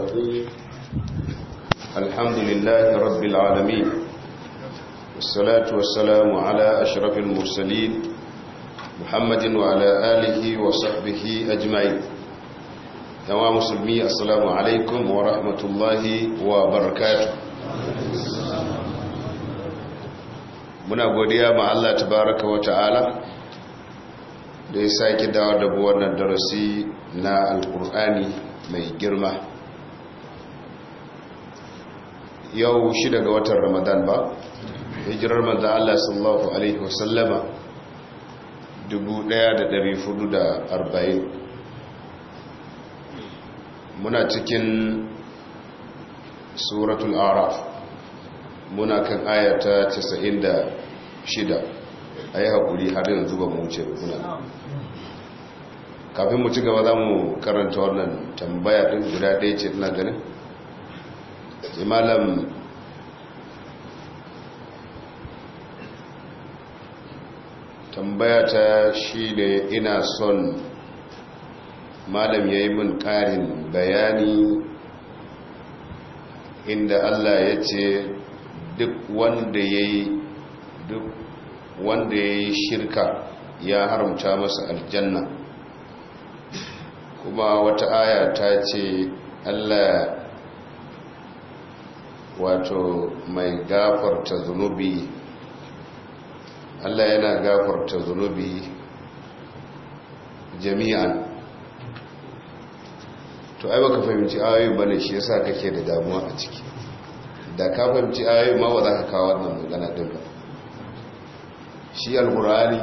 الرجيم الحمد لله رب العالمين والصلاة والسلام على أشرف المرسلين محمد وعلى آله وصحبه أجمعين تمام مسلمي السلام عليكم ورحمة الله وبركاته muna godiya ma Allah tabaraka wa ta'ala da ya sake dawo da wannan darasi na alkur'ani mai girma yau shi daga watan ramadan ba hijirar manzo Allah sallallahu alaihi wasallama 1440 muna cikin suratul araf muna kan ayata 96 ayi hakuri har yanzu ba mu ce kuna kafin mu ci gaba za mu karanta wannan tambaya din guda ɗaya ce ina ganin sai malam tambaya ta shi ne ina son malam ya yi min ƙarin bayani inda allah ya ce duk wanda ya yi duk wanda ya yi shirka ya haramta masa aljanna kuma wata aya ta ce allah wato mai gafarta zunubi Allah yana gafarta zunubi jami'an to ai baka fahimci ayoyin bane shi yasa kake da damuwa a ciki da ka fahimci ayoyin ma ba za ka kawo wannan magana din ba shi alqur'ani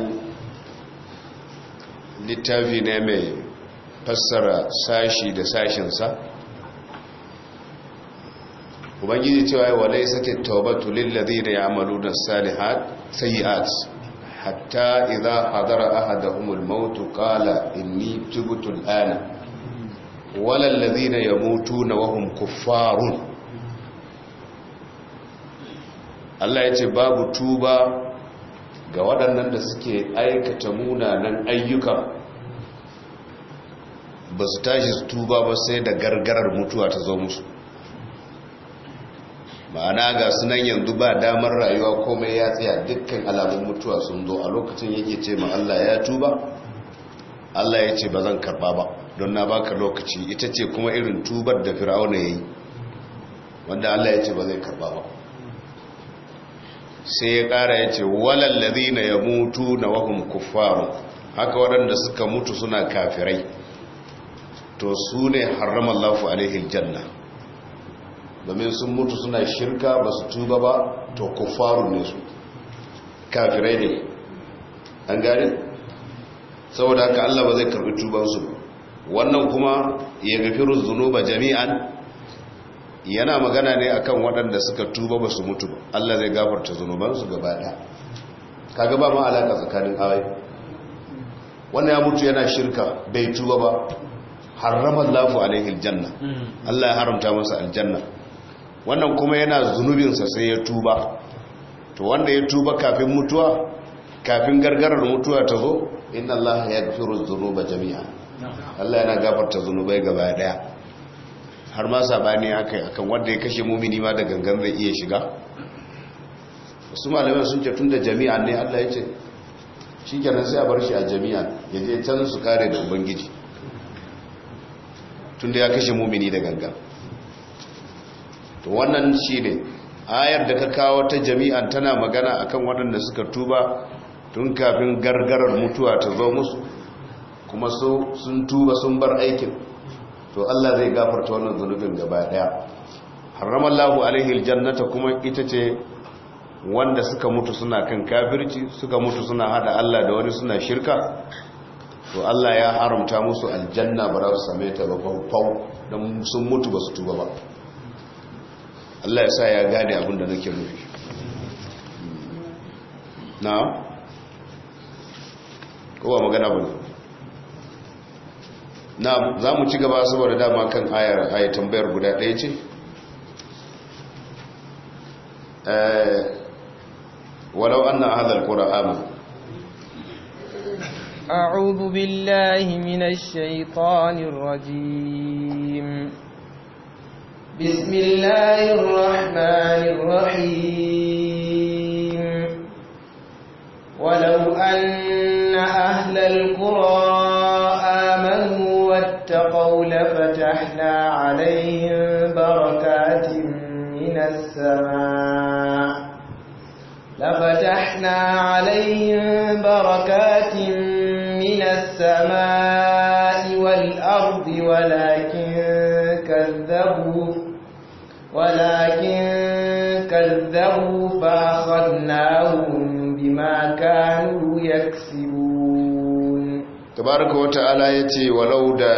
littafi ne mai fassara sashi da sashinsa ubangiji cewa ya walai sake taubatu da ladina ya'maluna da salihat Arts. hatta idha hadara ahaduhum al-maut qala inni tubtu al'ana ana wala alladhina yamutuna wa hum kuffarun Allah ya ce babu tuba ga waɗannan da suke aikata munanan ayyuka ba su tashi su tuba ba sai da gargarar mutuwa ta zo musu ma'ana ga sunan yanzu ba damar rayuwa komai ya tsaya dukkan alamun mutuwa sun zo a lokacin yake ce ma Allah ya tuba Allah ya ce ba zan karba ba don na baka lokaci ita ce kuma irin tubar da fir'auna yayi wanda Allah ya ce ba zai karba ba sai ya kara ya ce walal ladina mutu na hum kuffaru haka waɗanda suka mutu suna kafirai to su ne haramallahu alaihi aljanna domin sun mutu suna shirka ba su tuba ba to kufaru ne su kafirai ne an gari saboda haka Allah ba zai karbi tubansu wannan kuma ya gafiru ba jami'an yana magana ne akan waɗanda suka tuba ba su mutu ba Allah zai gafarta zunubansu gaba ɗaya ka ba ma alaƙa tsakanin ayoyi wannan ya mutu yana shirka bai tuba ba harrama a alaihi aljanna hmm. Allah ya haramta masa aljanna wannan kuma yana zunubinsa sai ya tuba to wanda ya tuba kafin mutuwa kafin gargarar mutuwa ta zo inna Allah ya gafiru zunuba jami'a Allah yana gafarta zunubai gaba daya har ma sabani yi akan wanda ya kashe mumini ma da gangan zai iya shiga wasu malamin sun ce tun da jami'a ne Allah ya ce kenan sai a bar shi a jami'a ya je can su kare da ubangiji tunda ya kashe mumini da gangan to wannan ne, ayar da ka kawo ta jami'an tana magana akan waɗanda suka tuba tun kafin gargarar mutuwa ta zo musu kuma sun tuba sun bar aikin to Allah zai gafarta wannan zunubin gaba daya haramallahu alaihil jannata kuma ita ce wanda suka mutu suna kan kafirci suka mutu suna hada Allah da wani suna shirka to Allah ya haramta musu aljanna ba za su same ta ba fau don sun mutu ba su tuba ba Allah ya sa ya gane abinda nake nufi na kowa magana bane na za mu ci gaba saboda dama kan ayar ayar tambayar guda ɗaya ce eh, walau an na hadar ƙura'amu أعوذ بالله من الشيطان الرجيم بسم الله الرحمن الرحيم ولو أن أهل القرى آمنوا واتقوا لفتحنا عليهم بركات من السماء لفتحنا عليهم بركات من السماء والأرض ولكن كذبوا ولكن كذبوا فأخذناهم بما كانوا يكسبون تبارك وتعالى يتي ولو دا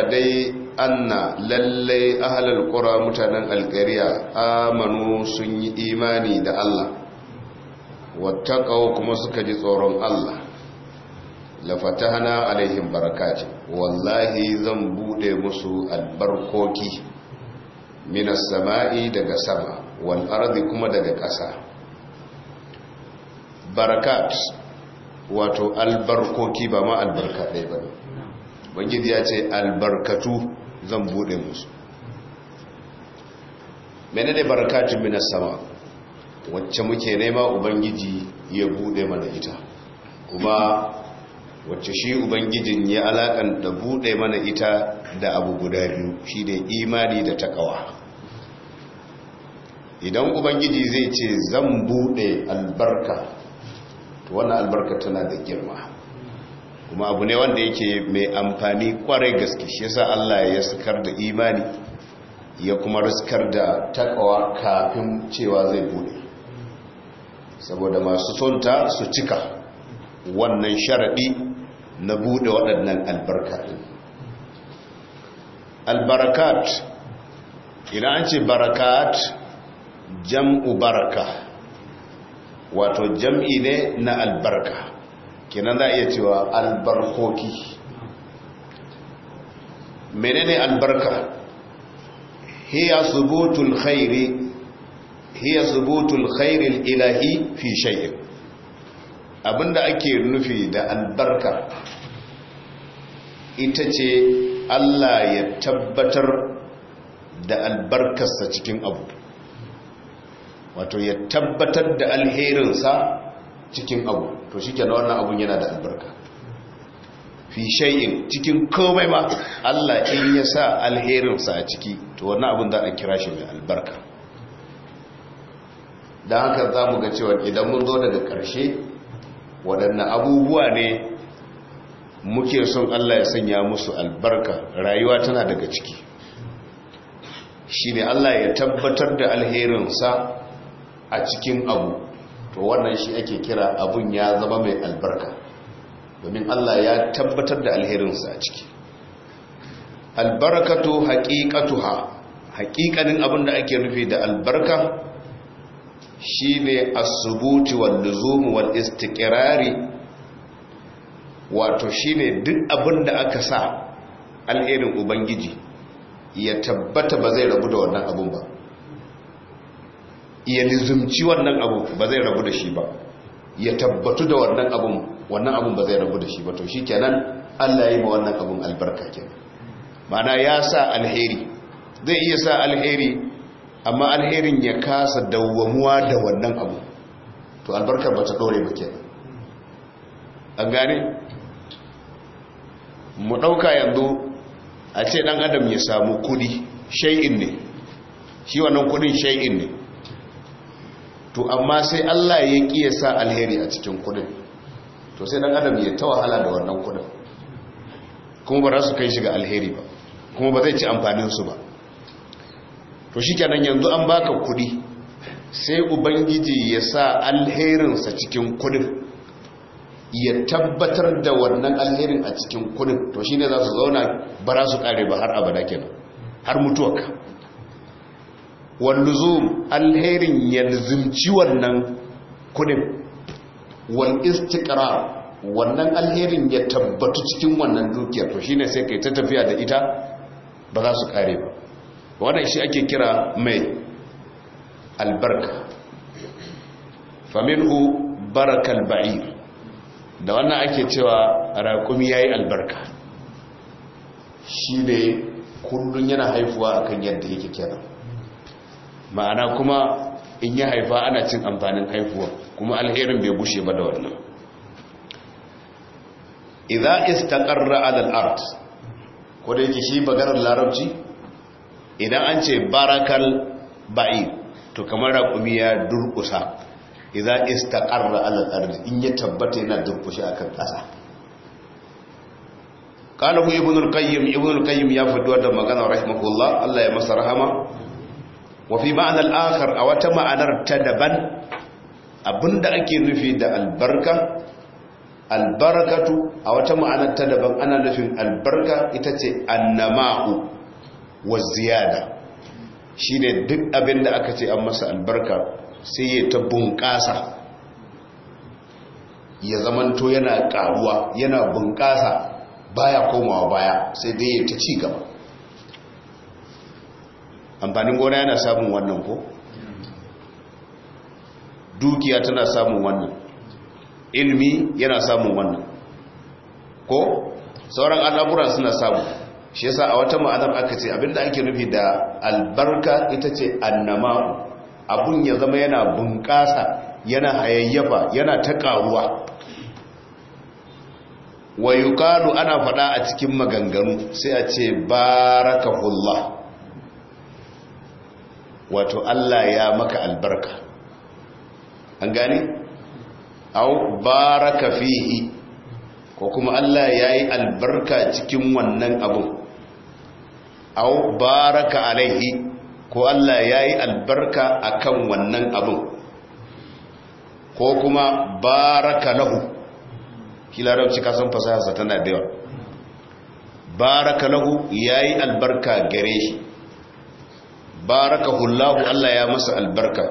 anna lallai ahalar ƙura mutanen alkariya amanu sun yi imani da Allah wattaƙawo kuma suka ji tsoron Allah hana alaihim barakati wallahi zan buɗe musu albarkoki minas sama'i daga sama wal ardi kuma daga ƙasa barakat wato albarkoki ba ma albarkatai ba bangiji ya ce albarkatu zan buɗe musu mene ne barakatun minas sama wacce muke nema ubangiji ya buɗe mana ita kuma wacce shi ubangijin ya da buɗe mana ita da abu guda biyu shi ne imani da takawa idan ubangiji zai ce zan buɗe albarka to wannan albarka tana da girma kuma abu ne wanda yake mai amfani kwarai gaske shi yasa Allah ya sakar da imani ya kuma riskar da takawa kafin cewa zai buɗe? saboda masu sonta su cika wannan sharaɗi na buɗe waɗannan albarka albarakat idan an ce barakat jam'u baraka wato jam'i ne na albarka kenan za a iya cewa albarkoki menene albarka hiya subutul khairi hiya subutul khairil ilahi fi shay'in abinda ake nufi da albarka ita ce Allah ya tabbatar da albarkarsa cikin abu wato ya tabbatar da alherinsa cikin abu to shi kenan wannan abun yana da albarka fi shay'in cikin komai ma Allah in ya sa alherinsa a ciki to wannan abun za a kira shi mai albarka don haka za mu ga cewa idan mun zo daga ƙarshe waɗannan abubuwa ne muke son Allah ya sanya musu albarka rayuwa tana daga ciki shi ne Allah ya tabbatar da alherinsa a cikin abu to wannan shi ake kira abun ya zama mai albarka domin Allah ya tabbatar da alherinsa a ciki albarkatu haqiqatuha haqiqanin abin da ake nufi da albarka shine as-subuti wal luzum wal istiqrari wato shine duk abin da aka sa alherin ubangiji ya tabbata ba zai rabu da wannan abun ba ya nizumci wannan abu ba zai rabu da shi ba ya tabbatu da wannan abun wannan abun ba zai rabu da shi ba to shi kenan Allah ya yi ma wannan abun albarka kenan mana ya sa alheri zai iya sa alheri amma alherin ya kasa dawwamuwa da wannan abu to albarkar ba ta dore ba kenan an gane mu ɗauka yanzu a ce ɗan adam ya samu kudi shay'in ne shi wannan kudin shay'in ne to amma sai Allah ya sa alheri a cikin kudin to sai dan adam ya ta wahala da wannan kudin kuma ba za su kai shiga alheri ba kuma ba zai ci amfanin su ba to shikenan yanzu an baka kudi sai ubangiji ya sa alherinsa cikin kudin ya tabbatar da wannan alherin a cikin kudin to shine za su zauna ba za su kare ba har abada kenan har mutuwa. walluzum alherin yalzimci wannan kudin wal istiqrar wannan alherin ya tabbatu cikin wannan dukiya to shine sai kai ta tafiya da ita ba za su kare ba wannan shi ake kira mai albarka faminhu barakal ba'ir da wannan ake cewa raƙumi yayi albarka shi ne kullun yana haifuwa akan yadda yake kenan ma'ana kuma in ya haifa ana cin amfanin haifuwa kuma alherin bai bushe ba da wannan is ta ala adal art ko da yake shi bagarar larabci idan an ce barakal ba'i to kamar raƙumi ya durƙusa is ta ala adal art in ya tabbata yana durƙushe kan ƙasa qala ibn al-qayyim ibn al-qayyim ya fito da magana rahimahullah Allah ya masa rahama wafi ma'anar akar a wata ma'anar ta daban abinda ake nufi da albarka albarkatu a wata ma'anar ta daban ana nufin albarka ita ce annama'u wa ziyada shi ne duk abinda aka ce an masa albarka sai ya ta bunƙasa ya zamanto yana ƙaruwa yana bunƙasa baya komawa baya sai dai ya ta ci gaba amfanin gona yana samun wannan ko dukiya tana samun wannan ilmi yana samun wannan ko sauran al'amura suna samu shi yasa a wata ma'anar aka ce abinda ake nufi da albarka ita ce annama abun ya zama yana bunƙasa yana hayayyafa yana ta ƙaruwa wa ana faɗa a cikin maganganu sai a ce barakahullah wato Allah ya maka albarka an gani? au baraka fihi ko kuma Allah ya yi albarka cikin wannan abu au baraka alaihi ko Allah ya yi albarka akan wannan abun, ko kuma baraka lahu shi larabci kasan sa tana da yawa baraka lahu ya yi albarka gare shi baraka hullahu Allah ya masa albarka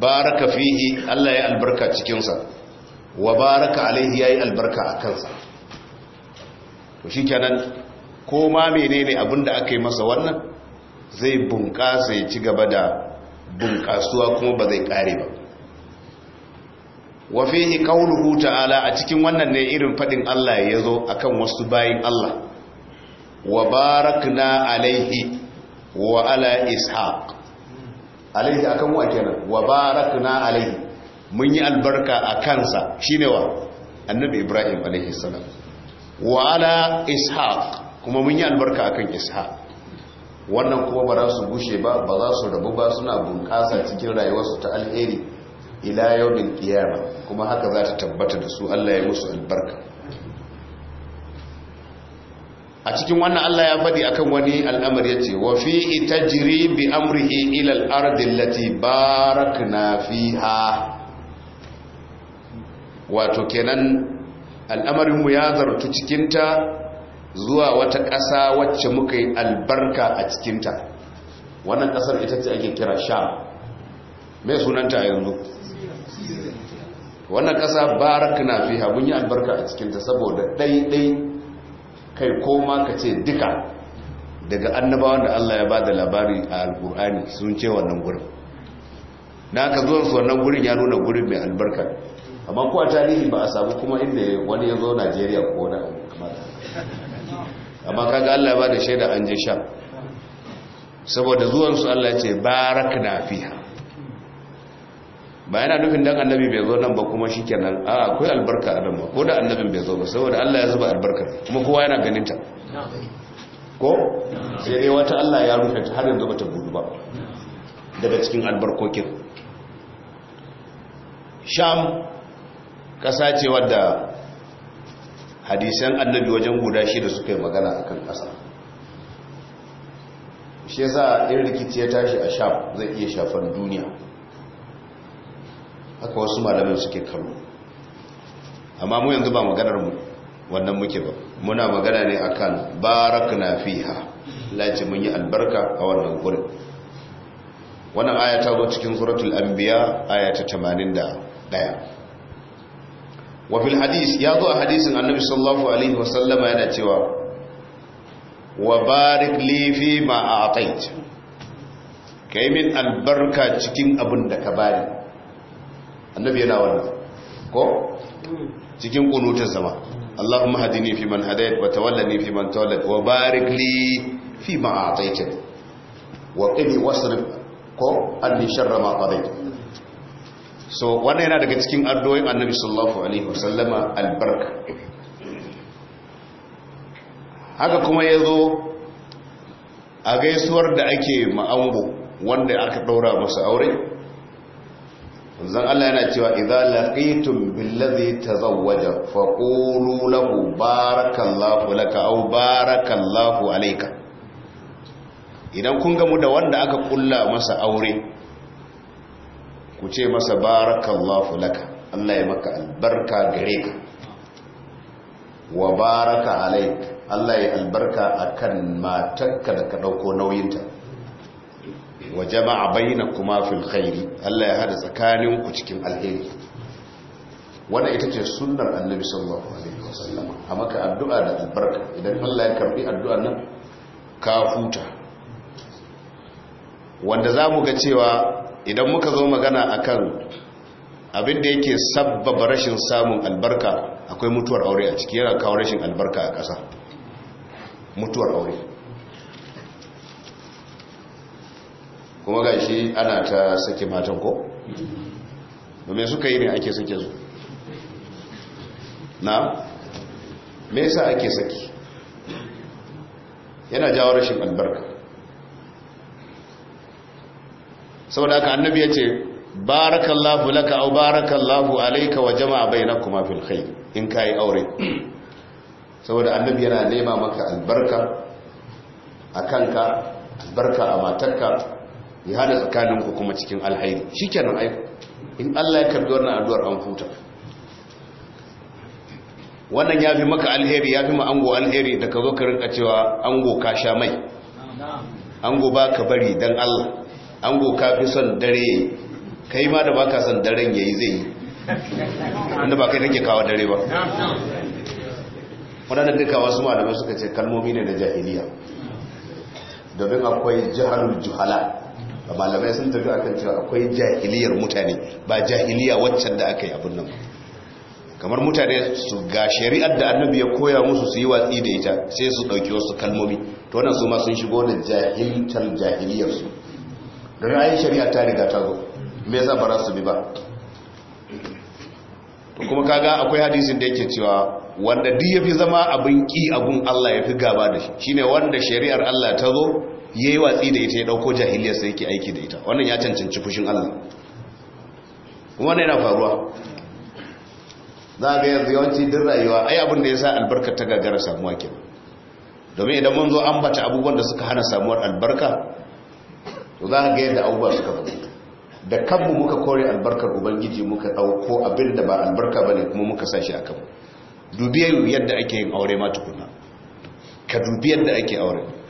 baraka fihi Allah ya albarka cikinsa wa baraka alaihi ya yi albarka a kansa to shi kenan ko ma menene abinda da aka yi masa wannan zai bunƙasa ya ci gaba da bunƙasuwa kuma ba zai ƙare ba wa fihi qauluhu ta'ala a cikin wannan ne irin fadin Allah ya zo akan wasu bayin Allah wa barakna alaihi wa ala ishaq alaihi akan wa kenan wa barakna alaihi mun yi albarka a kansa shine wa annabi ibrahim alaihi salam wa ala ishaq kuma mun yi albarka akan ishaq wannan kuma ba za su gushe ba ba za su rabu ba suna bunƙasa cikin rayuwarsu ta alheri ila yau kiyama kuma haka za ta tabbata da su Allah ya musu albarka a cikin wannan Allah ya faɗi akan wani al'amari yace wa fi tajri bi amrihi ila al-ardi allati barakna fiha wato kenan al'amarin mu ya zartu cikin ta zuwa wata ƙasa wacce muka yi albarka a cikin ta wannan ƙasar ita ce ake kira sham mai sunanta a yanzu wannan ƙasa barakna fiha mun yi albarka a cikin ta saboda ɗai kai koma ka ce duka daga annabawan da Allah ya ba da labari a alkur'ani sun ce wannan gurin Na ka zuwan su wannan gurin ya nuna gurin mai albarka amma ko a tarihi ba a sabu kuma inda wani ya zo Najeriya ko wani kamata amma kaga Allah ya ba da shaida an je sha saboda zuwan su Allah ya ce barakna fiha ba yana nufin dan annabi bai zo nan ba kuma shikenan a akwai albarka a nan ba ko da annabin bai zo ba saboda Allah ya zuba albarka kuma kowa yana ganin ta ko sai dai wata Allah ya rufe ta har yanzu bata budu ba daga cikin albarkokin sham kasa ce wadda hadisan annabi wajen guda shi da suka yi magana a kan ƙasa shi yasa in rikici ya tashi a sham zai iya shafan duniya haka wasu malamin suke karo amma mu yanzu ba maganar mu wannan muke ba muna magana ne akan barakna fiha lati mun yi albarka a wannan gurin wannan aya ta zo cikin suratul anbiya aya ta 81 wa fil hadis ya zo a hadisin annabi sallallahu alaihi wasallama yana cewa wa barik li fi ma a'tait kai min albarka cikin abin da ka bari. annabi yana wannan ko cikin kunutun sama Allahumma hadini fi man hadayt wa tawallani fi man tawallat wa barik li fi ma a'tayta wa qini wasrif ko anni sharra ma qadayt so wannan yana daga cikin addu'o'in annabi sallallahu alaihi wasallama albarka haka kuma yazo a gaisuwar da ake ma'ambo wanda aka daura masa aure zan Allah yana cewa idza laqitum billazi tazawwaja faqulu lahu barakallahu laka aw barakallahu alayka idan kun gamu da wanda aka kulla masa aure ku ce masa barakallahu laka Allah ya maka albarka gare ka wa baraka alayka Allah ya albarka akan matarka da ka dauko nauyinta wa jama'a kuma fil khairi Allah ya hada tsakaninku cikin alheri wannan ita ce sunnar annabi sallallahu alaihi wasallam a maka addu'a da albarka idan Allah ya karbi addu'a nan ka huta wanda zamu ga cewa idan muka zo magana akan abin da yake sabbaba rashin samun albarka akwai mutuwar aure a ciki yana kawo rashin albarka a ƙasa mutuwar aure kuma ga shi ana ta sake matan ko domin suka yi ne ake sake su na me yasa ake saki yana jawo rashin albarka saboda ka annabi ya ce barakallahu laka au barakallahu alayka wa jama'a bainakuma fil khair in kai aure saboda annabi yana nema maka albarka ka albarka a matarka ya hada tsakaninku kuma cikin alhairi kenan ai in Allah ya karbi wannan addu'ar an huta wannan ya fi maka alheri ya fi ma ango alheri da ka zo ka rinka cewa ango ka sha mai ango ba ka bari don Allah ango ka fi son dare kai ma da ba ka son daren yayi zai yi wanda ba kai nake kawo dare ba kawo duka wasu malamai suka ce kalmomi ne na jahiliya domin akwai jihalul juhala malamai sun tafi akan cewa akwai jahiliyar mutane ba jahiliya waccan da aka yi abin nan kamar mutane su ga shari'ar da annabi ya koya musu su yi watsi da ita sai su ɗauki wasu kalmomi to wannan su ma sun shigo da jahiltar jahiliyarsu da ra'ayin shari'a ta riga ta zo me yasa ba su bi ba to kuma kaga akwai hadisin da yake cewa wanda duk yafi zama abin ki abun Allah yafi gaba da shi shine wanda shari'ar Allah ta zo ya yi watsi da ita ya ɗauko jahiliya sai yake aiki da ita wannan ya cancanci fushin allah wannan yana faruwa za a ga yanzu yawanci din rayuwa ai abin da ya sa albarka ta gagara samuwa ke domin idan mun zo an bata abubuwan da suka hana samuwar albarka to za a ga yadda abubuwa suka faru da kanmu muka kore albarkar ubangiji muka ɗauko abin da ba albarka ba ne kuma muka sashi a kanmu dubi yadda ake yin aure ma tukuna ka dubi yadda ake aure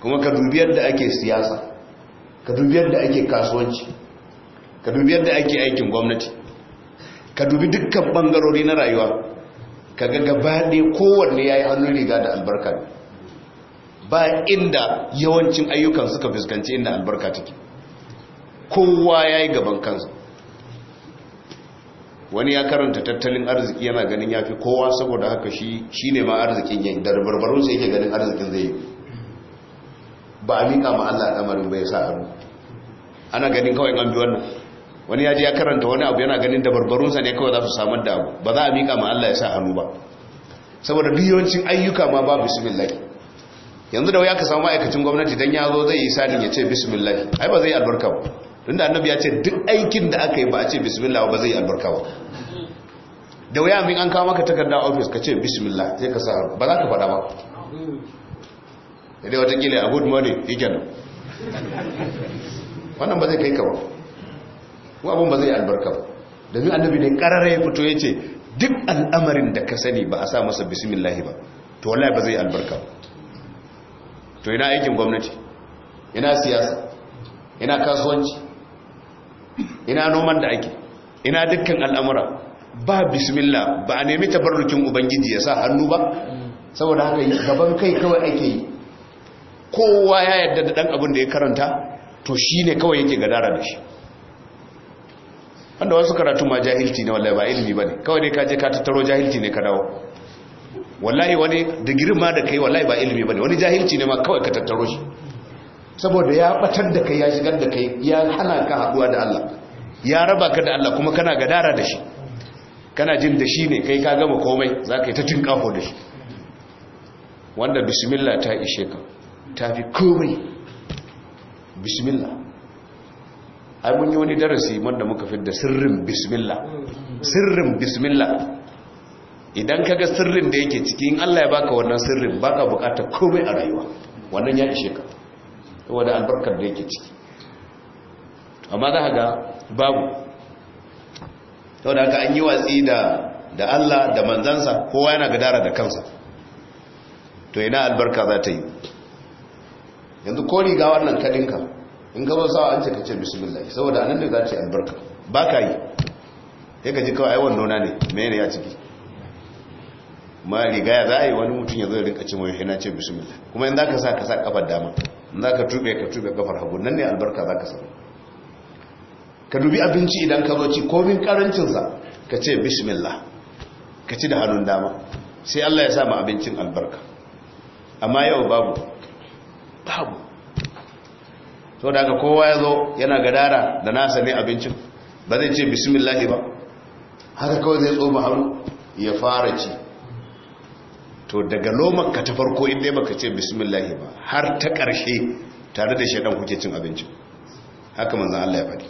kuma ka dubi yadda ake siyasa ka dubi yadda ake kasuwanci ka dubi yadda ake aikin gwamnati ka dubi dukkan bangarori na rayuwa ka ga gaba ɗaya kowanne ya yi hannun riga da albarka ba inda yawancin ayyukan suka fuskanci inda albarka take kowa ya yi gaban kansa wani ya karanta tattalin arziki yana ganin ya fi kowa saboda haka shi ne ma arzikin yayi da sai yake ganin arzikin zai yi ba a miƙa ma Allah al'amarin bai sa hannu ana ganin kawai an bi wannan wani ya je ya karanta wani abu yana ganin da barbarunsa ne kawai za su samar da abu ba za a miƙa ma Allah ya sa hannu ba saboda biyoncin ayyuka ma ba bismillah yanzu da wai aka samu ma'aikacin gwamnati dan ya zo zai yi sanin ya ce bismillah ai ba zai albarka ba Tun da annabi ya ce duk aikin da aka yi ba a ce bismillah ba zai albarka ba da wai amin an kawo maka takarda office ka ce bismillah sai ka sa ba za ka faɗa ba da wata watakila a good money yake nan wannan ba zai kai ka ba ko abin ba zai albarka ba zai annabi ne karara ya fito ya ce duk al'amarin da ka sani ba a sa masa bismillahi ba to wallahi ba zai albarka ba to ina aikin gwamnati ina siyasa ina kasuwanci ina noman da ake ina dukkan al'amura ba bismillah ba a nemi tabarrukin ubangiji ya sa hannu ba saboda haka gaban kai kawai ake yi kowa ya yarda da ɗan abin da ya karanta to shi ne kawai yake gadara da shi wanda wasu karatu ma jahilci ne wallahi ba ilimi ba ne kawai dai ka je ka tattaro jahilci ne ka dawo wallahi wani digirin ma da kai wallahi ba ilimi ba ne wani jahilci ne ma kawai ka tattaro shi saboda ya batar da kai ya shigar da kai ya hana ka haduwa da Allah ya raba ka da Allah kuma kana gadara da shi kana jin da shi ne kai ka gama komai za ka yi ta cin kafo da shi wanda bismillah ta ishe ka Ta fi komai bismillah ai mun yi wani darasi wanda muka fi da sirrin bismillah sirrin bismillah idan kaga sirrin da yake ciki in Allah ya baka wannan sirrin baka bukatar komai a rayuwa wannan ya ishe ka wanda albarkar da yake ciki amma za ga babu saboda haka an yi watsi da da Allah da manzansa kowa yana gadara da kansa to ina albarka za ta yi yanzu ko riga wannan kadinka in ka zo sawa an ce ka ce bismillah saboda anan da za ce albarka ba ka yi sai ka ji kawai aiwon nona ne mene ya ciki ma riga ya za a yi wani mutum ya zai rinka cin wani hina ce bismillah kuma in za ka sa ka sa kafar dama in za ka tube ka tube kafar hagu nan ne albarka za ka sa ka dubi abinci idan ka zo ci komin karancinsa ka ce bismillah ka ci da hannun dama sai allah ya sa ma abincin albarka amma yau babu babu to daga kowa ya zo yana gadara da nasa ne abincin ba zai ce bismillahi ba haka kawai zai tsoma hannu ya fara ci to daga lomanka ta farko inda baka ce bismillahi ba har ta karshe tare da shaɗan kuke cin abincin haka manzan Allah ya faɗi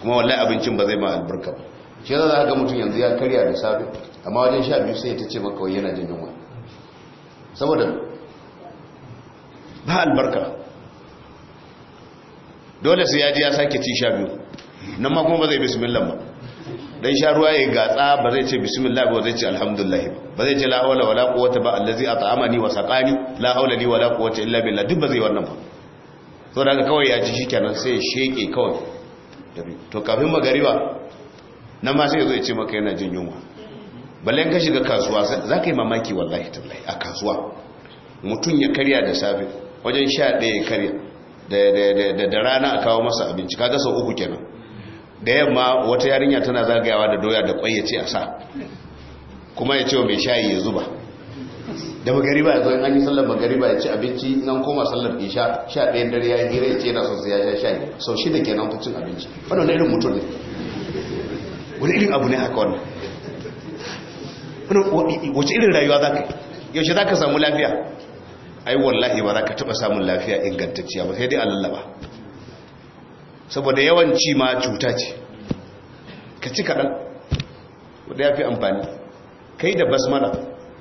kuma wallai abincin ba zai ma albarka ba shi za haka mutum yanzu ya karya da safe amma wajen sha biyu sai ta ce maka yana jin yunwa saboda ba albarka dole sai ya ji ya sake ci sha biyu nan ma kuma ba zai bismillah ba dan sha ruwa ya gatsa ba zai ce bismillah ba zai ce alhamdulillah ba zai ce la hawla wala quwwata ba allazi at'amani wa saqani la hawla li wala quwwata illa billah duk ba zai wannan ba so daga kawai ya ji shikenan sai ya sheke kawai to kafin magariba nan ma sai ya zo ya ce maka yana jin yunwa balle ka shiga kasuwa za ka yi mamaki wallahi tallahi a kasuwa mutum ya karya da safe wajen sha ɗaya kare da rana a kawo masa abinci kaga sau uku kenan da yamma wata yarinya tana zagayawa da doya da kwai ya ce a sa kuma ya ce wa mai shayi ya zuba da magariba ya zo an yi sallar magariba ya ci abinci nan koma sallar isha sha ɗayan dare ya gira ya ce yana son ya sha shayi sau shida kenan nan cin abinci wannan irin mutum ne wani irin abu ne haka wannan wace irin rayuwa za ka yaushe za ka samu lafiya ai wallahi ba za ka taɓa samun lafiya ingantacciya ba sai dai a lallaba saboda yawanci ma cuta ce ka ci kaɗan wadda ya fi amfani ka yi da basmala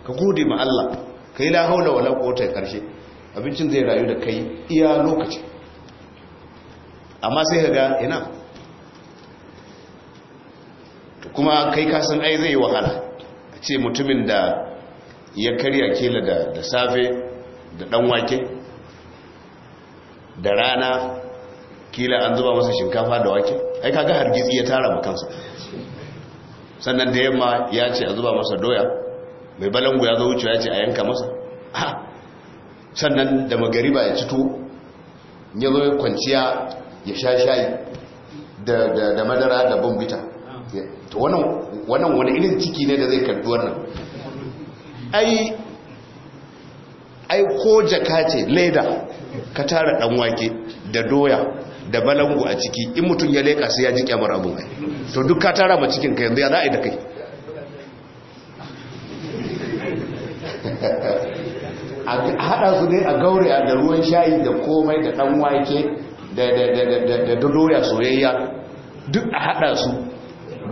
ka gode ma Allah ka yi lahaula wala kota ƙarshe abincin zai rayu da kai iya lokaci amma sai ka ga ina kuma kai kasan ai zai wahala ce mutumin da ya karya kela da safe da dan wake da rana kila an zuba masa shinkafa da wake ai kaga hargitsi ya tara makansa sannan da yamma ya ce a zuba masa doya mai balangu ya zo wuce ya ce a yanka masa ah! sannan da magariba ya cito ya zo kwanciya ya sha shayi da madara da bombita wannan wani irin ciki ne da zai karbi wannan ai ai ko jaka ce leda ka tara dan wake da doya da balangu a ciki in mutum ya leka sai ya ji kyamar abun kai to duk ka tara ma cikin ka yanzu ya za da kai a haɗa su ne a gaure a da ruwan shayi da komai da ɗan wake da doya soyayya duk a haɗa su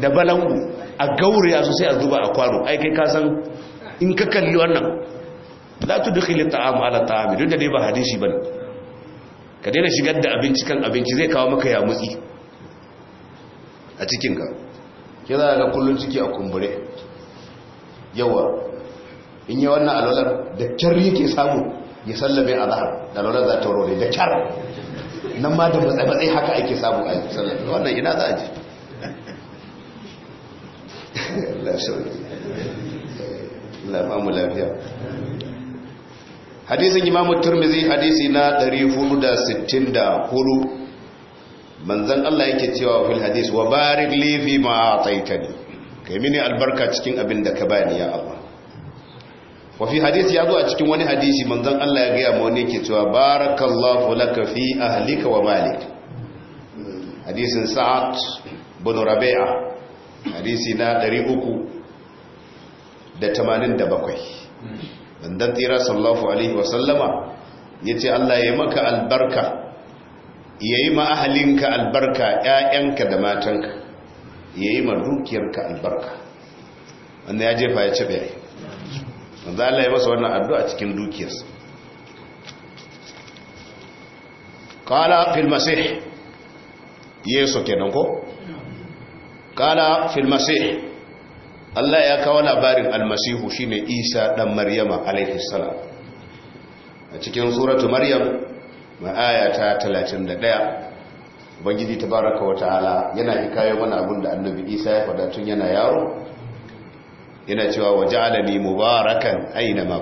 da balangu a gaure su sai a zuba a kwano ai kai kasan in ka kalli wannan la dukhil ta'am ala ta'am duk da dai ba hadisi bane ka daina shigar da abinci kan abinci zai kawo maka ya mutsi a cikin ka za ga kullun ciki a kumbure yawa in yi wannan alwalar da kyar yake samu ya sallame a zahar da alwalar za ta rore da kyar nan ma da matsayi haka ake samu a sallame wannan ina za a ji lafiya hadisin imamu turmizi hadisi na 464 manzan Allah yake cewa fil hadis wa barik li fi ma ataitani kai mini albarka cikin abin da ka bani ya Allah wa fi hadisi ya zo a cikin wani hadisi manzan Allah ya gaya ma wani yake cewa barakallahu laka fi ahlika wa malik hadisin sa'ad bin rabi'a hadisi na 387 dandan tira sallallahu alaihi Sallama, ya ce Allah ya maka albarka ya yi ma ahalinka albarka ‘ya'yanka da matanka ya yi ma dukiyarka albarka wanda ya jefa ya caɓe ne wanda Allah ya masa wannan addu'a cikin dukiyarsa kala fil masih yesu kenan ko kala fil masih Allah ya kawo labarin almasihu shi ne Isa ɗan Maryama alaihi a cikin suratu Maryam ma'aya ta 31 ta baraka wa ta'ala yana hikayo mana abin da Annabi Isa ya faɗa tun yana yaro yana cewa waje waja'alani mubarakan aina ma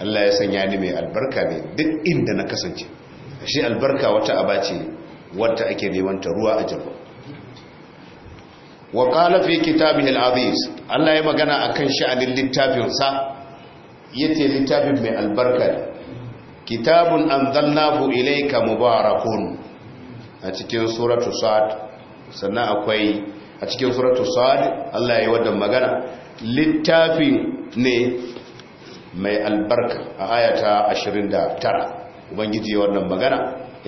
Allah ya sanya ni mai albarka ne duk inda na kasance shi albarka wata aba ce wadda ake neman ta ruwa a jama'a wa qala fi kitabihi al-aziz Allah ya magana akan sha'anin littafin sa yace littafin mai albarka kitabun anzalnahu ilayka mubarakun a cikin suratu sa'ad sannan akwai a cikin suratu sa'ad Allah ya yi wadda magana Littafin ne mai albarka a ayata 29 ubangiji ya wannan magana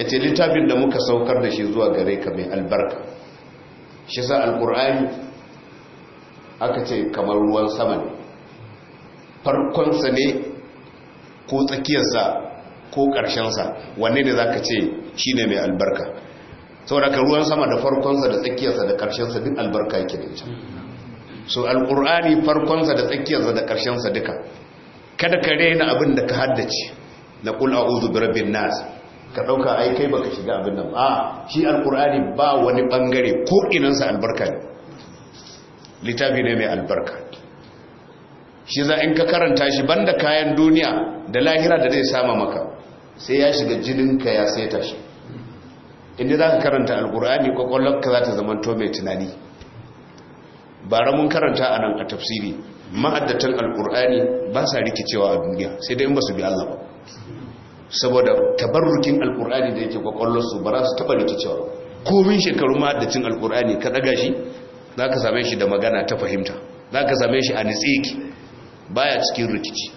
ya ce littafin da muka saukar da shi zuwa gare ka mai albarka shi sa alkur'ani aka ce kamar ruwan sama ne farkonsa ne ko tsakiyarsa ko ƙarshensa wanne da za ka ce shi ne mai albarka sau da ruwan sama da farkonsa da tsakiyarsa da ƙarshensa duk albarka yake da ita so Alƙur'ani, farkonsa da tsakiyarsa da ƙarshensa duka kada ka rena abin da ka haddace na ƙul'a'uzu birabin nasi ka ɗauka ai kai baka shiga abin nan a shi alkur'ani ba wani bangare ko inansa albarka ne littafi ne mai albarka shi za in ka karanta shi banda kayan duniya da lahira da zai sama maka sai ya shiga jinin ka ya saita shi inda za ka karanta alkur'ani ka za ta zamanta mai tunani bara mun karanta a nan a tafsiri ma'addatan alkur'ani ba sa rikicewa a duniya sai dai in ba su bi allah ba saboda tabarrukin alkur'ani da yake kwakwallonsu ba za su taba rikicewa komin shekaru ma da cin alkur'ani ka daga shi za ka same shi da magana ta fahimta za ka same shi a nitsiki baya cikin rikici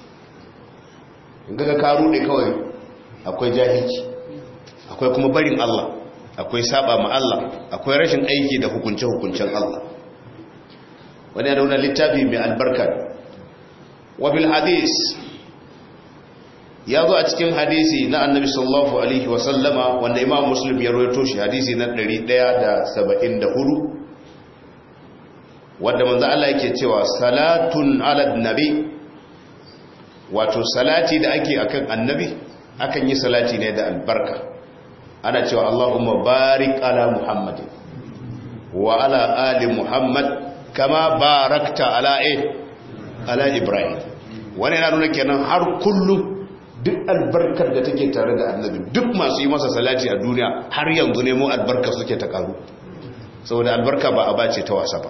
gaga ka ne kawai akwai jahici akwai kuma barin Allah akwai saba ma Allah akwai rashin aiki da hukunce-hukuncen Allah wani yana wani littafi mai albarka wabil hadis ya zo a cikin hadisi na annabi sallallahu alaihi sallama, wanda imam muslim ya rawaito shi hadisi na 174 wanda manzo Allah yake cewa salatun ala nabi wato salati da ake akan annabi akan yi salati ne da albarka ana cewa Allahumma barik ala muhammad wa ala ali muhammad kama barakta ala eh, ala ibrahim wani na nuna kenan har kullum duk albarkar da take tare da annabi duk masu yi masa salati a duniya har yanzu ne mu albarka suke ta karu saboda albarka ba a bace ta wasa ba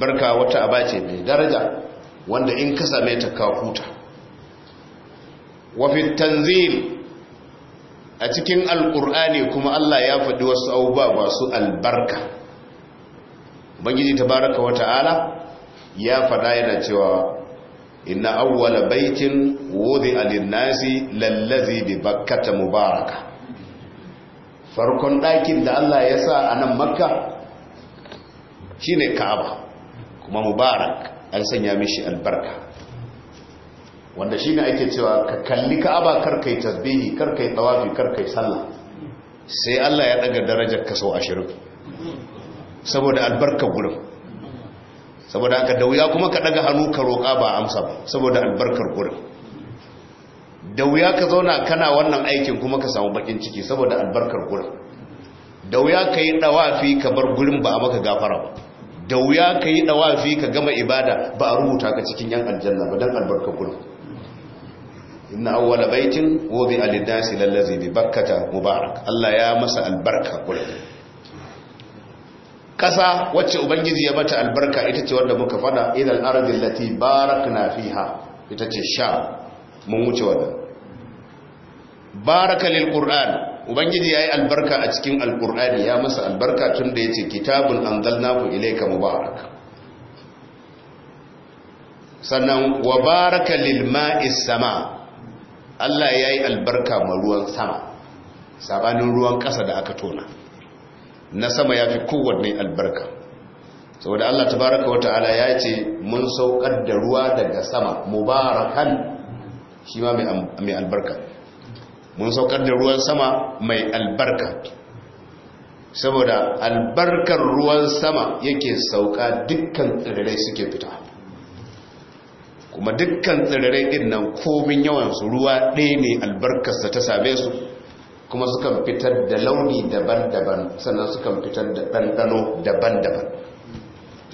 barka wata a bace mai daraja wanda in ka same ta ka huta wa fi tanzil a cikin alqur'ani kuma Allah ya faɗi wasu abubuwa masu albarka ubangiji tabaraka wa ta'ala ya faɗa yana cewa inna awwala baitin wudi alinnasi lallazi bi bakkata mubaraka farkon ɗakin da Allah ya sa a nan makka shine ka'aba kuma mubarak an sanya mishi albarka wanda shine ake cewa ka kalli ka'aba karkai tasbihi karkai tawafi yi sallah sai Allah ya daga darajar ka sau ashirin saboda albarkar gurin saboda aka da wuya kuma ka daga hannu ka roƙa ba amsa ba saboda albarkar gurin da wuya ka zauna kana wannan aikin kuma ka samu bakin ciki saboda albarkar gurin da wuya ka yi dawafi ka bar gurin ba a maka gafara ba da wuya ka yi dawafi ka gama ibada ba a rubuta ka cikin yan aljanna ba don albarkar gurin inna awwala baitin wudi alidasi lallazi bi bakkata mubarak Allah ya masa albarka gurin Kasa wacce ubangiji ya bata albarka ita ce wanda muka fada idan arzin lati barakna fiha ita ce sha mun wuce wannan baraka lil qur'an ubangiji yayi albarka a cikin alqur'ani ya masa albarka tunda da yace kitabun anzalnahu ilayka mubarak sannan wa baraka lil ma'is sama Allah yayi albarka ma ruwan sama sabanin ruwan ƙasa da aka tona na sama ya fi kowanne albarka saboda Allah tabaraka wa ta'ala ya ce mun saukar da ruwa daga sama mubarakan shi ma mai albarka mun saukar da ruwan sama mai albarka saboda albarkar ruwan sama yake sauka dukkan tsirrai suke fita kuma dukkan tsirrai din nan komin yawansu ruwa ɗaya ne albarkarsa ta same su kuma sukan fitar da launi daban-daban sannan sukan fitar da ɗanɗano daban-daban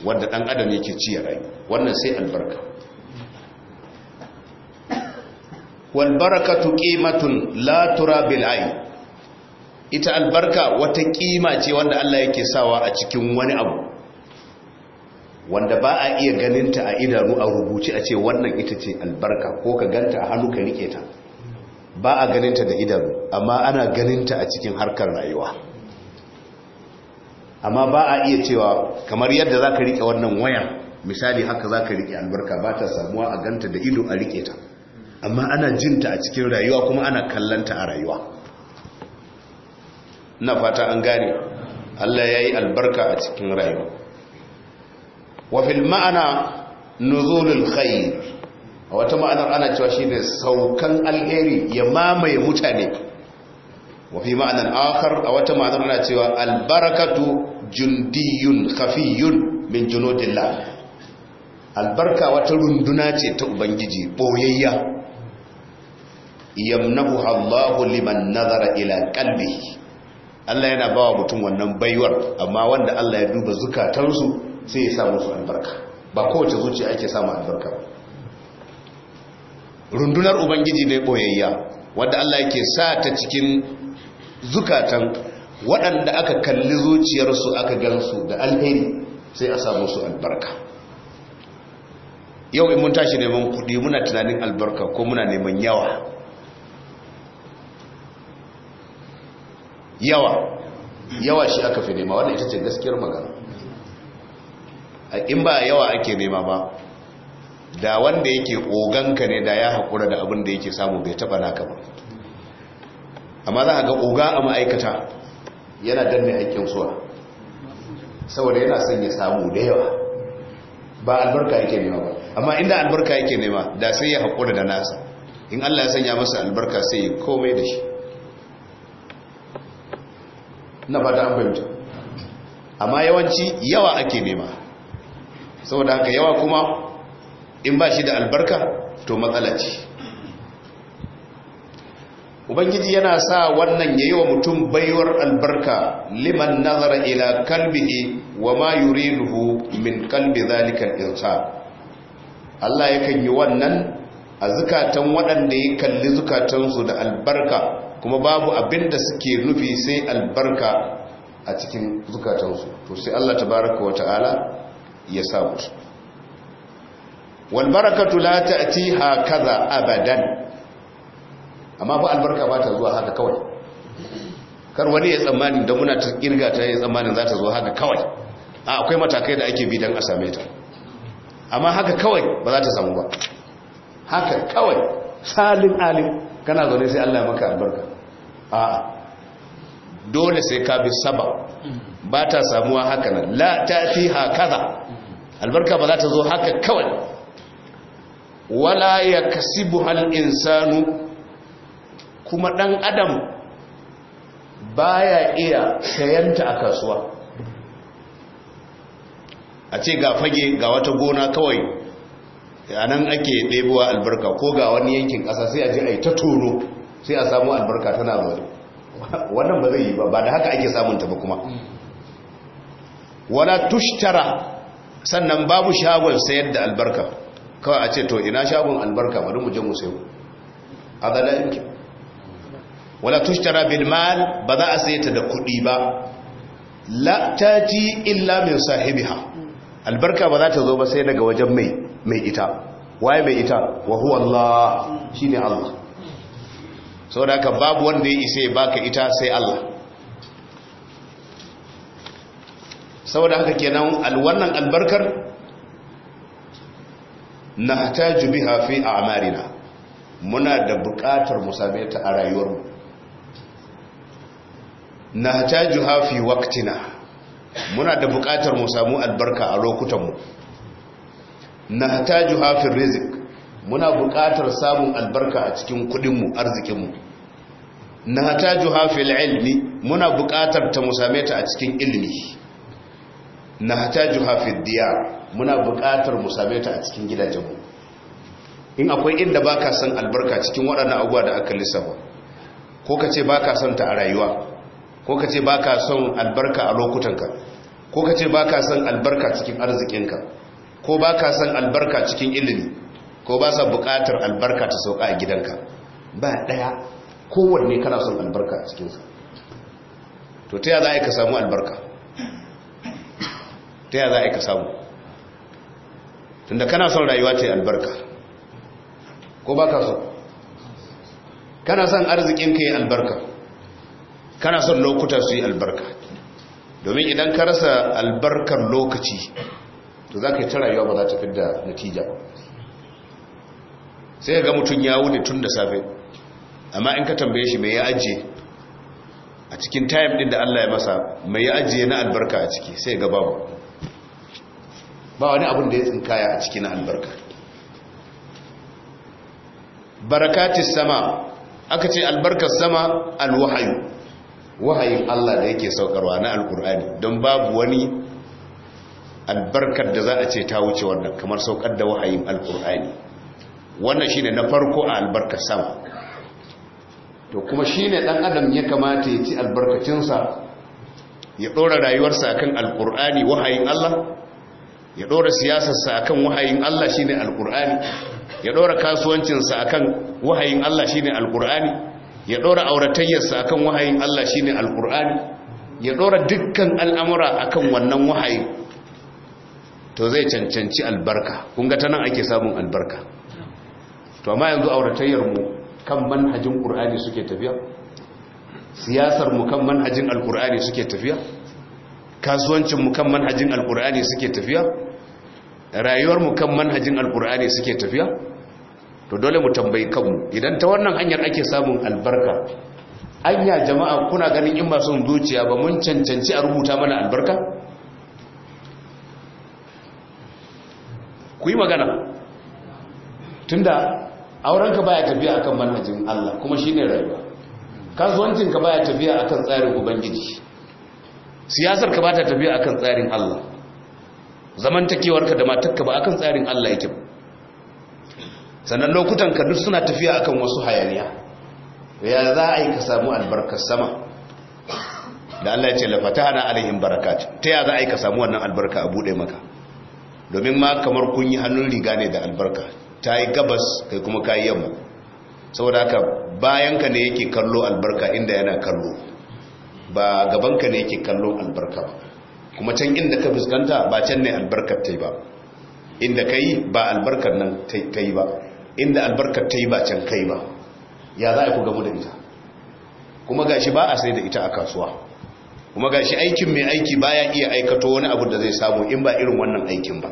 wanda ɗan adam yake ci rai wannan sai albarka walbarakatu tu la tura bilayi. ita albarka wata kima ce wanda Allah yake sawa a cikin wani abu wanda ba a iya ganinta a idanu a rubuce a ce wannan ita ce albarka ko ka ganta a hannu ka riƙe ta ba a ganinta da idanu amma ana ganinta a cikin harkar rayuwa amma ba a iya cewa kamar yadda za ka riƙe wannan wayan misali haka za ka riƙe albarka ba ta samuwa a ganta da ido a rike ta amma ana jinta a cikin rayuwa kuma ana kallanta a rayuwa na fata an gane allah ya yi albarka a cikin rayuwa wafil ma'ana nuzulul khair a wata ma'anar ana cewa shi ne saukan alheri ya mamaye mutane wafi ma'anar akar a wata ma'anar ana cewa albarakatu jundiyun kafiyun min junodilla albarka wata runduna ce ta ubangiji boyayya yamnahu Allahu liman nazara ila kalbi Allah yana bawa mutum wannan baiwar amma wanda Allah ya duba zukatansu sai ya sa su albarka ba kowace zuciya ake samu albarka ba rundunar ubangiji ne boyayya wadda Allah yake sa ta cikin zukatan waɗanda aka kalli zuciyarsu aka gansu da alheri sai a samu su albarka yau in mun tashi neman kuɗi muna tunanin albarka ko muna neman yawa yawa yawa shi aka fi nema wannan ita ce gaskiyar magana in ba yawa ake nema ba da wanda yake oganka ne da ya haƙura da abin da yake samu bai taɓa naka ba amma za a ga oga a ma'aikata yana danne haƙƙin suwa saboda yana son ya samu da yawa ba albarka yake nema ba amma inda albarka yake nema da sai ya haƙura da nasa in allah ya sanya masa albarka sai ya komai da shi na fata an fahimta amma yawanci yawa ake nema saboda haka yawa kuma in ba shi da albarka to matsala ce ubangiji yana sa wannan ya yi wa mutum baiwar albarka liman nazara ila kalbihi wa ma yuriduhu min kalbi zalika al Allah yakan yi wannan a zukatan waɗanda ya kalli zukatansu da albarka kuma babu abinda suke nufi sai albarka a cikin zukatansu to sai Allah tabaraka wa ta'ala ya sa musu walbarakatu la ta'ti hakaza abadan amma ba albarka ba ta zuwa haka kawai kar wani ya tsammani da muna ta kirga ta ya tsammanin za ta zo haka kawai a akwai matakai da ake bi don a same ta amma haka kawai ba za ta samu ba haka kawai salin alim kana zaune sai Allah maka albarka a dole sai ka bi sabab ba ta samuwa haka nan la ta fi haka albarka ba za ta zo haka kawai wala ya kasibu hal insanu kuma ɗan adam baya iya sayanta a kasuwa a ce ga fage ga wata gona kawai a nan ake ɗebowa albarka ko ga wani yankin ƙasa sai a ji ai ta tono, sai a samu albarka tana zuwa wannan ba zai yi ba ba da haka ake samunta ba kuma wala tushtara sannan babu shagon sayar da albarka kawai a ce to ina shagon albarka bari mu je mu sayo A la yumkin wala tushtara bil mal ba za a saye ta da kuɗi ba la taji illa min sahibiha albarka ba za ta zo ba sai daga wajen mai mai ita waye mai ita wa huwa Allah shine Allah saboda haka babu wanda ya isa ya baka ita sai Allah saboda haka kenan al wannan albarkar Na jubi hafi a a'marina muna da buƙatar mu same ta a rayuwarmu ta ju hafi waktina muna da buƙatar mu samu albarka a lokutanmu ta ju hafi rizq muna buƙatar samun albarka a cikin kudinmu arzikinmu ta ju hafi ilmi muna buƙatar ta mu same ta a cikin ilmi na hatajuha fi diya muna bukatar mu same ta a cikin gidajenmu in akwai inda baka san albarka cikin waɗannan abuwa da aka lissafa ko ka ce baka son ta a rayuwa ko ka ce baka son albarka a lokutanka ko ka ce baka son albarka cikin arzikinka ko baka son albarka cikin ilimi ko ba sa buƙatar albarka ta sauka a gidanka ba ɗaya kowanne kana son albarka a cikinsa to ta yi za a yi ka samu albarka ta yaya za a yi ka samu tunda kana son rayuwa ta yi albarka ko ba ka so kana son arzikin ka yi albarka kana son lokuta su yi albarka domin idan ka rasa albarkar lokaci to za ka yi ta rayuwa ba za ta fidda natija ba sai ga mutum ya wuni tun da safe amma in ka tambaye shi mai ya ajiye a cikin time din da Allah ya masa mai ya ajiye na albarka a ciki sai ga babu ba wani abin da ya tsinkaya a cikin albarka barakatis sama aka ce albarkar sama alwahayu wahayin Allah da yake saukarwa na alkur'ani don babu wani albarkar da za a ce ta wuce wannan kamar saukar da wahayin alkur'ani wannan shine na farko a albarkar sama to kuma shine dan adam ya kamata ya ci albarkacinsa ya ɗora rayuwarsa akan alkur'ani wahayin Allah ya ɗora siyasarsa akan wahayin Allah shine alqur'ani ya ɗora kasuwancinsa akan wahayin Allah shine alqur'ani ya ɗora auratayyarsa akan wahayin Allah shine alqur'ani ya ɗora dukkan al'amura akan wannan wahayin to zai cancanci albarka kun ga tanan ake samun albarka to amma yanzu auratayyar mu kan manhajin qur'ani suke tafiya siyasar mu kan manhajin alqur'ani suke tafiya kasuwancinmu kan manhajin alkur'ani suke tafiya rayuwarmu kan manhajin alkur'ani suke tafiya to dole mu tambayi kanmu idan ta wannan hanyar ake samun albarka anya jama'a kuna ganin in ba son zuciya ba mun cancanci a rubuta mana albarka ku yi magana tunda aurenka baya tafiya akan manhajin Allah kuma shine rayuwa kasuwancinka baya tafiya akan tsarin ubangiji siyasar ka ba ta tafiya akan tsarin Allah zamantakewar ka da matakka ba akan tsarin Allah yake sannan lokutan ka duk suna tafiya akan wasu hayaniya ya za a yi ka samu albarkar sama da Allah ya ce la hana alaihim barakat ta ya za a yi ka samu wannan albarka a buɗe maka domin ma kamar kun yi hannun riga ne da albarka ta yi gabas kai kuma ka yi yamma saboda haka ka ne yake kallo albarka inda yana kallo ba gabanka ne yake kallon albarka ba kuma can inda ka fuskanta ba can ne albarkar ta yi ba inda ka yi ba albarkar nan ta yi ba inda albarkar ta yi ba can ka ba ya za a ku gamu da ita kuma gashi ba a sai da ita a kasuwa kuma gashi aikin mai aiki ba ya iya aikato wani abu da zai samu in ba irin wannan aikin ba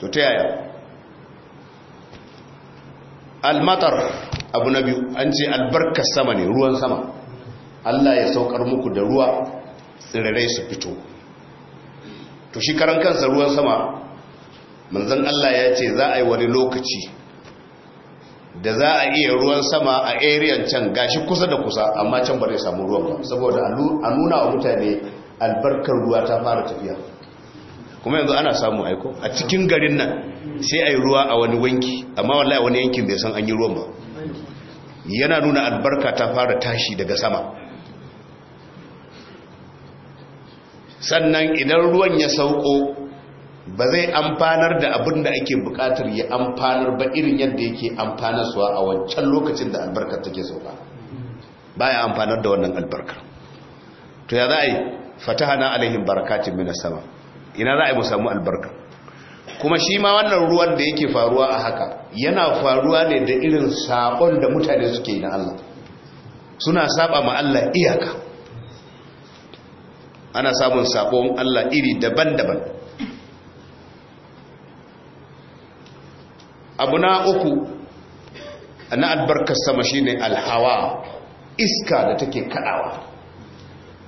to ta yaya almatar abu na biyu an ce albarkar sama ne ruwan sama Allah ya saukar muku da ruwa tsirrai su fito to shi karan kansa ruwan sama manzon Allah ya ce za a yi wani lokaci da za a iya ruwan sama a area can gashi kusa da kusa amma can ba zai samu ruwan ba saboda a nuna wa mutane albarkar ruwa ta fara tafiya kuma yanzu ana samu aiko a cikin garin nan sai a yi ruwa a wani wanki amma wallahi wani yankin bai san an yi ruwan ba yana nuna albarka ta fara tashi daga sama sannan idan ruwan ya sauko ba zai amfanar da abin da ake bukatar ya amfanar ba irin yadda yake amfanarsuwa a wancan lokacin da albarkar take sauka baya amfanar da wannan albarkar to ya za a yi fatahana barakatun mina sama ina za a yi mu samu albarkar? kuma shi ma wannan ruwan da yake faruwa a haka yana faruwa ne da irin saƙon da mutane suke na Allah suna saba ma Allah iyaka ana samun sabon Allah iri daban-daban abu na uku na albarkar sama shine alhawa iska da take kadawa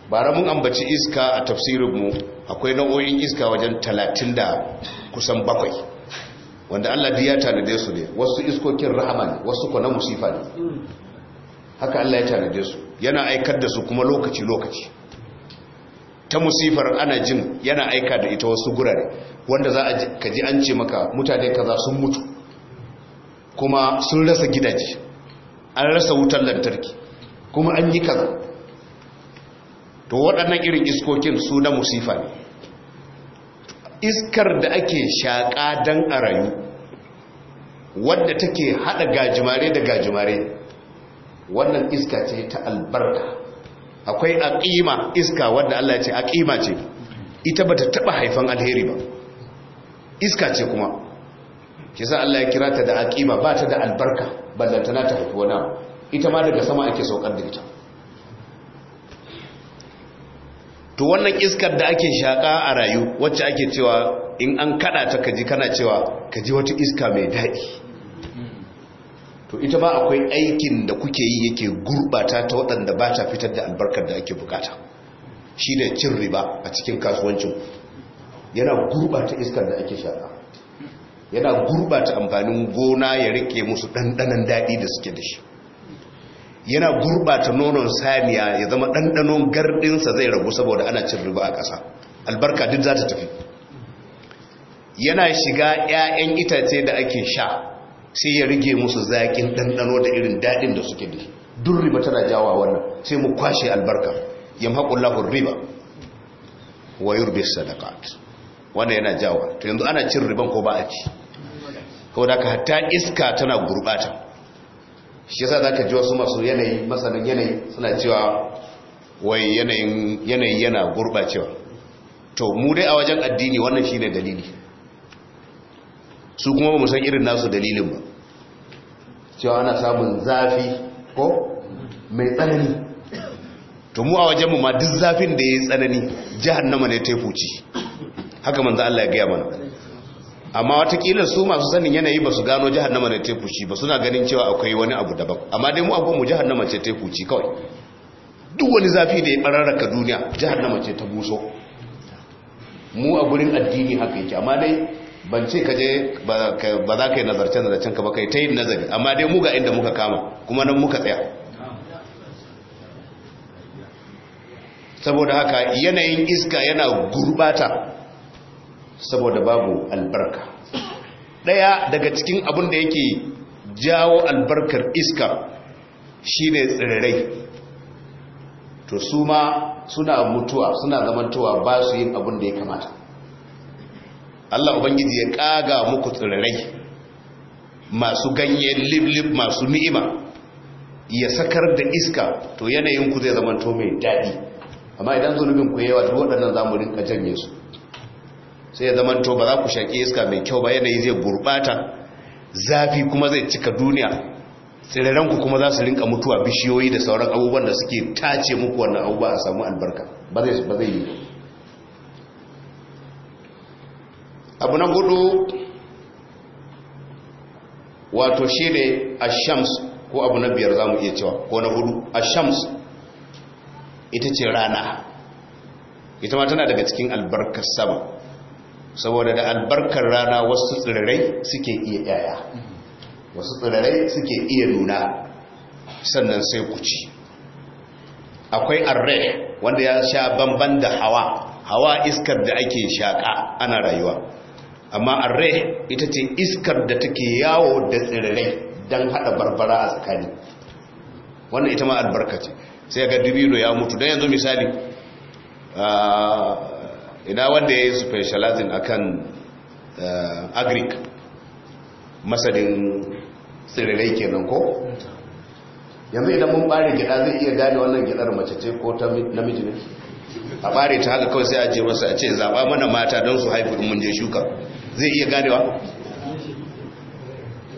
bara mun ambaci iska a tafsirinmu akwai nau'o'in iska wajen talatin da kusan bakwai wanda Allah ya tanade su ne wasu iskokin rahama wasu ko na musifa ne haka Allah ya tanade su yana aikar da su kuma lokaci-lokaci ta musifar ana jin yana aika da ita wasu gurare wanda za a kaji an ce maka mutane kaza sun mutu kuma sun rasa gidaje an rasa wutar lantarki kuma an yi kaza to waɗannan irin iskokin su na musifa ne iskar da ake shaƙa don a rayu wadda take haɗa gajimare da gajimare wannan iska ce ta albarka akwai aqima iska wanda Allah ya ce aqima ce ita bata taba haifan alheri ba iska ce kuma kisa Allah ya kira ta da aqima ba ta da albarka ballantana ta haifi wani abu ita ma daga sama ake saukar da ita to wannan iskar da ake shaka a rayu wacce ake cewa in an kada ta kaji kana cewa kaji wata iska mai daɗi to ita ma akwai aikin da kuke yi yake gurbata ta waɗanda ba ta fitar da albarkar da ake bukata shi ne cin riba a cikin kasuwancin yana gurbata iskar da ake shaɗa yana gurbata amfanin gona ya rike musu ɗanɗanon daɗi da suke da shi yana gurbata nonon saniya ya zama ɗanɗanon gardinsa zai ragu saboda ana cin riba a ƙasa albarka duk za ta tafi yana shiga 'ya'yan itace da ake sha sai ya rige musu zakin ɗanɗano da irin daɗin da suke bi dun riba tana jawa wannan sai mu kwashe albarka yamhaqullahu riba wa yurbis sadakat wannan yana jawa ta yanzu ana cin riban ko ba a ci da ka hatta iska tana gurbata shi yasa ka ji wasu masu yanayi masanin yanayi suna cewa wai yanayi yana gurbacewa to mu dai a wajen addini wannan shi ne dalili su kuma ba musan irin nasu dalilin ba cewa ana samun zafi ko mai tsanani to mu a wajenmu ma duk zafin da ya yi tsanani jahannama ne ta fuci haka manzo Allah ya gaya mana amma watakila su masu sanin yanayi ba su gano jahannama ne ta fuci ba suna ganin cewa akwai wani abu daban amma dai mu abu mu jahannama ce ta fuci kawai duk wani zafi da ya bararraka duniya jahannama ce ta buso mu a gurin addini haka yake amma dai ban ce kaje ba za ka yi nazarce-nazarcen ka ba kai ta yin nazari amma dai muga inda muka kama kuma nan muka tsaya saboda haka yanayin iska yana gurbata saboda babu albarka daya daga cikin abin da yake jawo albarkar iska shine tsirrai to su ma suna mutuwa suna zamantowa ba su yin abin da ya kamata Allah ubangiji ya kaga muku tsirrai masu ganye liblib masu ni'ima ya sakar da iska to yanayin ku zai zama to mai daɗi amma idan zunubin ku yawa duk waɗannan zamu rinka janye su sai ya zama to ba za ku shaki iska mai kyau ba yanayi zai gurɓata zafi kuma zai cika duniya tsirran ku kuma za su rinka mutuwa bishiyoyi da sauran abubuwan da suke tace muku wannan abubuwa a samu albarka ba zai ba zai yi abu na hudu wato shi ne Shams ko abu na biyar za mu iya cewa ko na hudu Shams, ita ce rana ita ma tana daga cikin albarkar sama saboda da albarkar rana wasu tsirrai suke iya yaya wasu tsirrai suke iya nuna sannan sai kuci akwai arre wanda ya sha bamban da hawa hawa iskar da ake shaƙa ana rayuwa amma arre ita ce iskar da take yawo da tsirrai don hada barbara a tsakani wannan ita ma albarka ce sai ga dubido ya mutu don yanzu misali ah, ina wanda ya yi specializing akan ah, agric masadin tsirrai kenan ko yanzu idan mun bare gida zai iya gane wannan gidar mace ce ko ta namiji ne a bare ta haka kawai sai a je masa a ce zaba mana mata don su haifu mun je shuka zai iya ganewa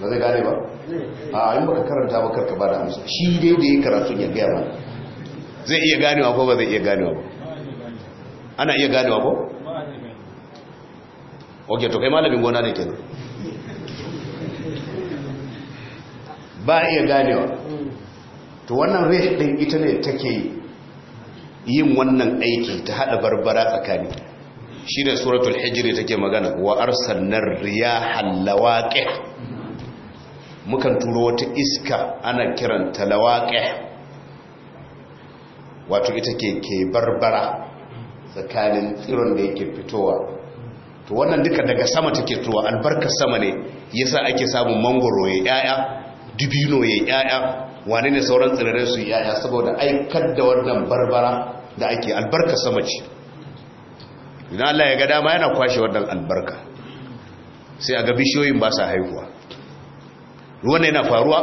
ba zai gane ba a yin baka karanta ba karka ba da amsa shi dai da ya karatu ya gaya ba zai iya ganewa ko ba zai iya ganewa ba ana iya ganewa ko? ok to kai malamin gona ne kenan ba iya ganewa to wannan rai ɗin ita ne take yin wannan aiki ta haɗa barbara tsakani Shi ne suratul hijri take magana wa arsalnar riyahal lawaqih mukan turo wata iska ana kiranta lawaƙe. wato ita ke ke barbara tsakanin tsiron da yake fitowa to wannan duka daga sama take tuwa albarka sama ne yasa ake samun mangoro ya yaya dubino ya yaya wane ne sauran tsirrai su yaya saboda aikar da wannan barbara da ake albarkar sama ce idan Allah ya ga dama yana kwashe wannan albarka sai a ga bishiyoyin ba sa haihuwa wannan yana faruwa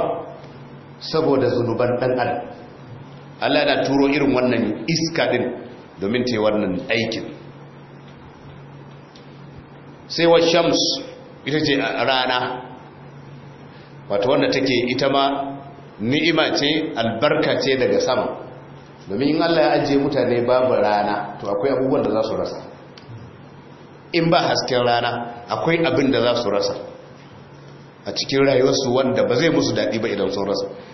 saboda zunuban dan adam Allah yana turo irin wannan iska din domin ta yi wannan aikin sai wa shams ita ce rana wato wanda take ita ma ni'ima ce albarka ce daga sama domin in Allah ya ajiye mutane babu rana to akwai abubuwan da za su rasa in ba hasken rana akwai abin da za su rasa a cikin rayuwarsu wanda ba zai musu daɗi ba idan sun rasa